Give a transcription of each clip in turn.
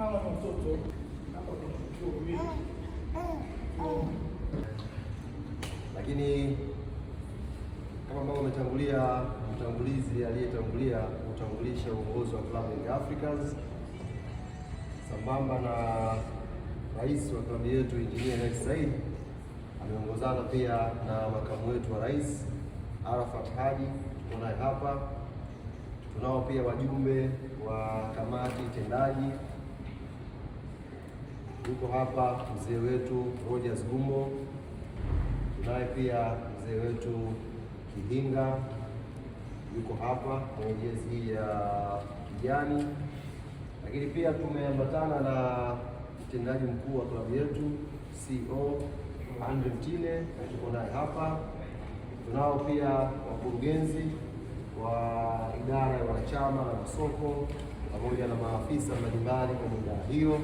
hawa watoto hapa kuna vituo viwili, lakini kama ambavyo ametangulia mtangulizi aliyetangulia kutangulisha uongozi wa klabu ya Africans sambamba na rais wa klabu yetu Injinia Hersi Said ameongozana pia na makamu wetu wa rais Arafat Haji, tuko naye hapa. Tunao pia wajumbe wa kamati tendaji yuko hapa mzee wetu Rogers Gumbo, tunaye pia mzee wetu Kihinga yuko hapa mwenye jezi ya kijani, lakini pia tumeambatana na mtendaji mkuu wa klabu yetu CEO Andre Mtile tuko naye hapa. Tunao pia wakurugenzi wa idara ya wanachama na masoko pamoja na maafisa mbalimbali kwenye idara hiyo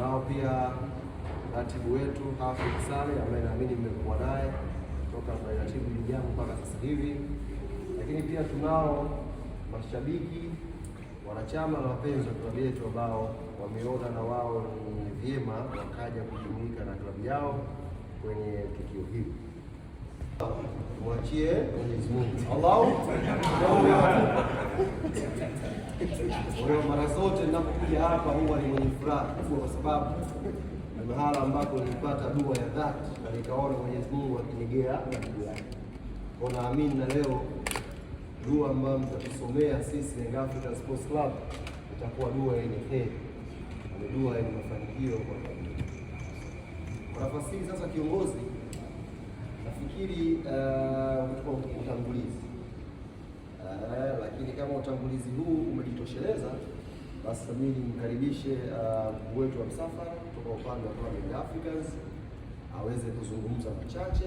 nao pia ratibu wetu Hafidh Sale ambaye naamini mmekuwa naye toka tunaratibu lijangu mpaka sasa hivi, lakini pia tunao mashabiki, wanachama na wapenzi wa klabu yetu ambao wameona na wao ni vyema wakaja kujumuika na klabu yao kwenye tukio hili. Mwachie Mwenyezi Mungu Allah mara zote Nikija hapa huwa ni mwenye furaha kwa sababu ni mahala ambapo nilipata dua ya dhati na nikaona Mwenyezi Mungu akinigea majibu yake. Naamini na leo dua ambayo mtatusomea sisi Young Africans Sports Club itakuwa dua yenye heri, ni dua yenye mafanikio kwa Kwa nafasi hii sasa, kiongozi, nafikiri eh, kwa uh, utangulizi uh, lakini kama utangulizi huu umejitosheleza basi mimi nimkaribishe mkuu uh, wetu wa msafara kutoka upande wa Young Africans aweze kuzungumza machache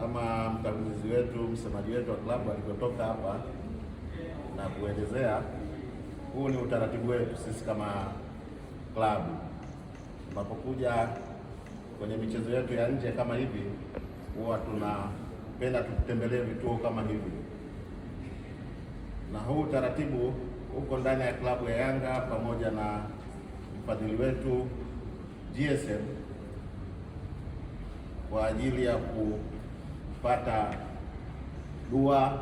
kama mtangulizi wetu msemaji wetu wa klabu alivyotoka hapa na kuelezea. Huu ni utaratibu wetu sisi kama klabu, tunapokuja kwenye michezo yetu ya nje kama hivi, huwa tunapenda tukutembelee vituo kama hivi, na huu utaratibu huko ndani ya klabu ya Yanga pamoja na mfadhili wetu GSM kwa ajili ya kupata dua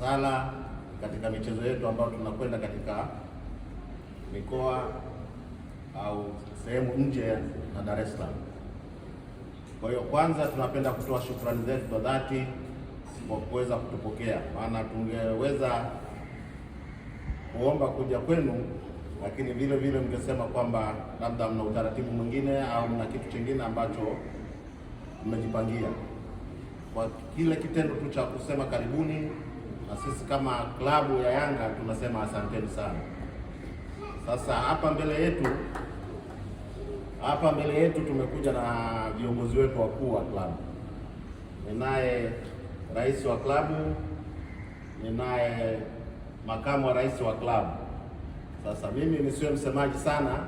sala katika michezo yetu ambayo tunakwenda katika mikoa au sehemu nje na Dar es Salaam. Kwa hiyo kwanza, tunapenda kutoa shukrani zetu za dhati kwa kuweza kutupokea, maana tungeweza kuomba kuja kwenu, lakini vile vile mngesema kwamba labda mna utaratibu mwingine au mna kitu kingine ambacho mmejipangia. Kwa kile kitendo tu cha kusema karibuni, na sisi kama klabu ya Yanga tunasema asanteni sana. Sasa hapa mbele yetu hapa mbele yetu tumekuja na viongozi wetu wakuu wa klabu. Ninaye rais wa klabu, ninaye makamu wa rais wa klabu. Sasa mimi nisiwe msemaji sana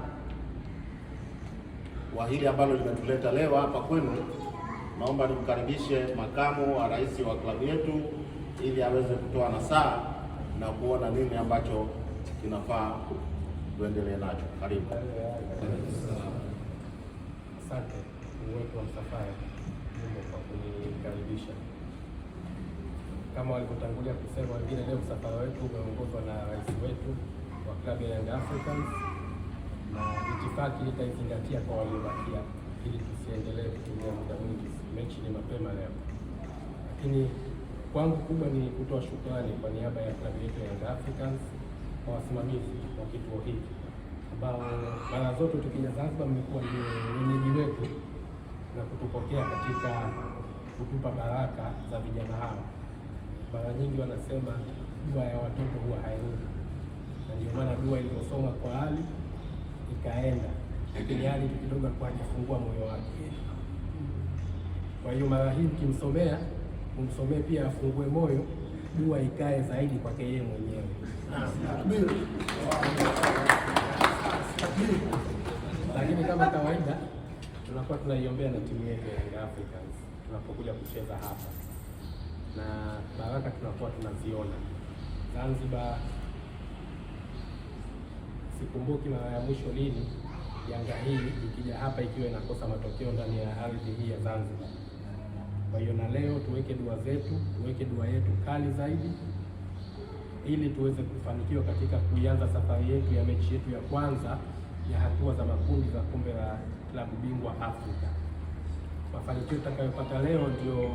wa hili ambalo limetuleta leo hapa kwenu, naomba nimkaribishe makamu wa rais wa klabu yetu ili aweze kutoa nasaha na kuona nini ambacho kinafaa tuendelee nacho. Karibu. Asante uwepo wa msafara kwa kunikaribisha kama walivyotangulia kusema wengine, leo msafara wetu umeongozwa na rais wetu wa klabu ya Young Africans, na itifaki itaizingatia kwa waliobakia ili tusiendelee kutumia muda mwingi. Mechi ni mapema leo, lakini kwangu kubwa ni kutoa shukrani kwa niaba ya klabu yetu ya Young Africans kwa wasimamizi wa kituo hiki ambao mara zote tukija Zanzibar mmekuwa ndio wenyeji wetu na kutupokea katika kutupa baraka za vijana hawa mara nyingi wanasema dua ya watoto huwa haendi, na ndio maana dua iliposoma kwa Ali ikaenda, lakini Ali kidogo kwa hajafungua moyo wake. Kwa hiyo mara hii ukimsomea, umsomee pia afungue moyo, dua ikae zaidi kwake yeye mwenyewe. Lakini kama kawaida tunakuwa tunaiombea na timu yetu ya Africans tunapokuja kucheza hapa na baraka tunakuwa tunaziona Zanzibar. Sikumbuki mara ya mwisho lini janga hii ikija hapa ikiwa inakosa matokeo ndani ya ardhi hii ya Zanzibar. Kwa hiyo na leo tuweke dua zetu, tuweke dua yetu kali zaidi ili tuweze kufanikiwa katika kuianza safari yetu ya mechi yetu ya kwanza ya hatua za makundi za kombe la klabu bingwa Afrika. Mafanikio tutakayopata leo ndio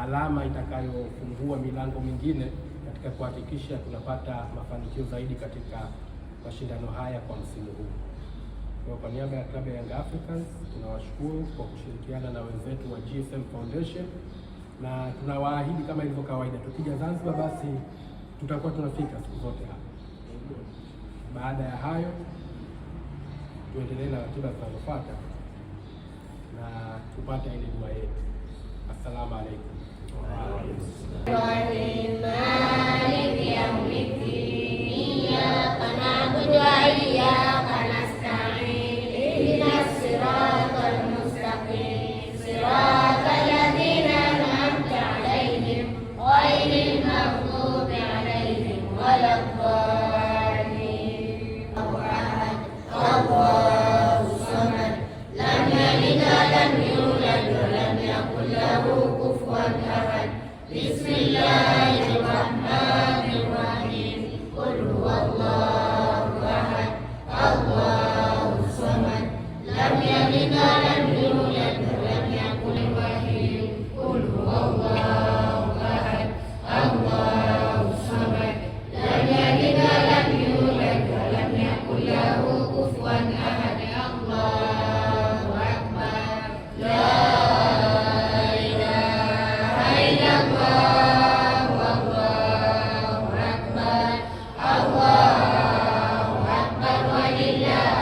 alama itakayofungua milango mingine katika kuhakikisha tunapata mafanikio zaidi katika mashindano haya kwa msimu huu. Kwa kwa niaba ya klabu ya Young Africans tunawashukuru kwa kushirikiana na wenzetu wa GSM Foundation na tunawaahidi kama ilivyo kawaida, tukija Zanzibar basi tutakuwa tunafika siku zote hapa. Baada ya hayo, tuendelee na ratiba zinazofuata na tupate ile dua yetu. Assalamualaikum. Waalaikumsalam. Waalaikumsalam. Bismillahirrahmanirrahim. Hallelujah.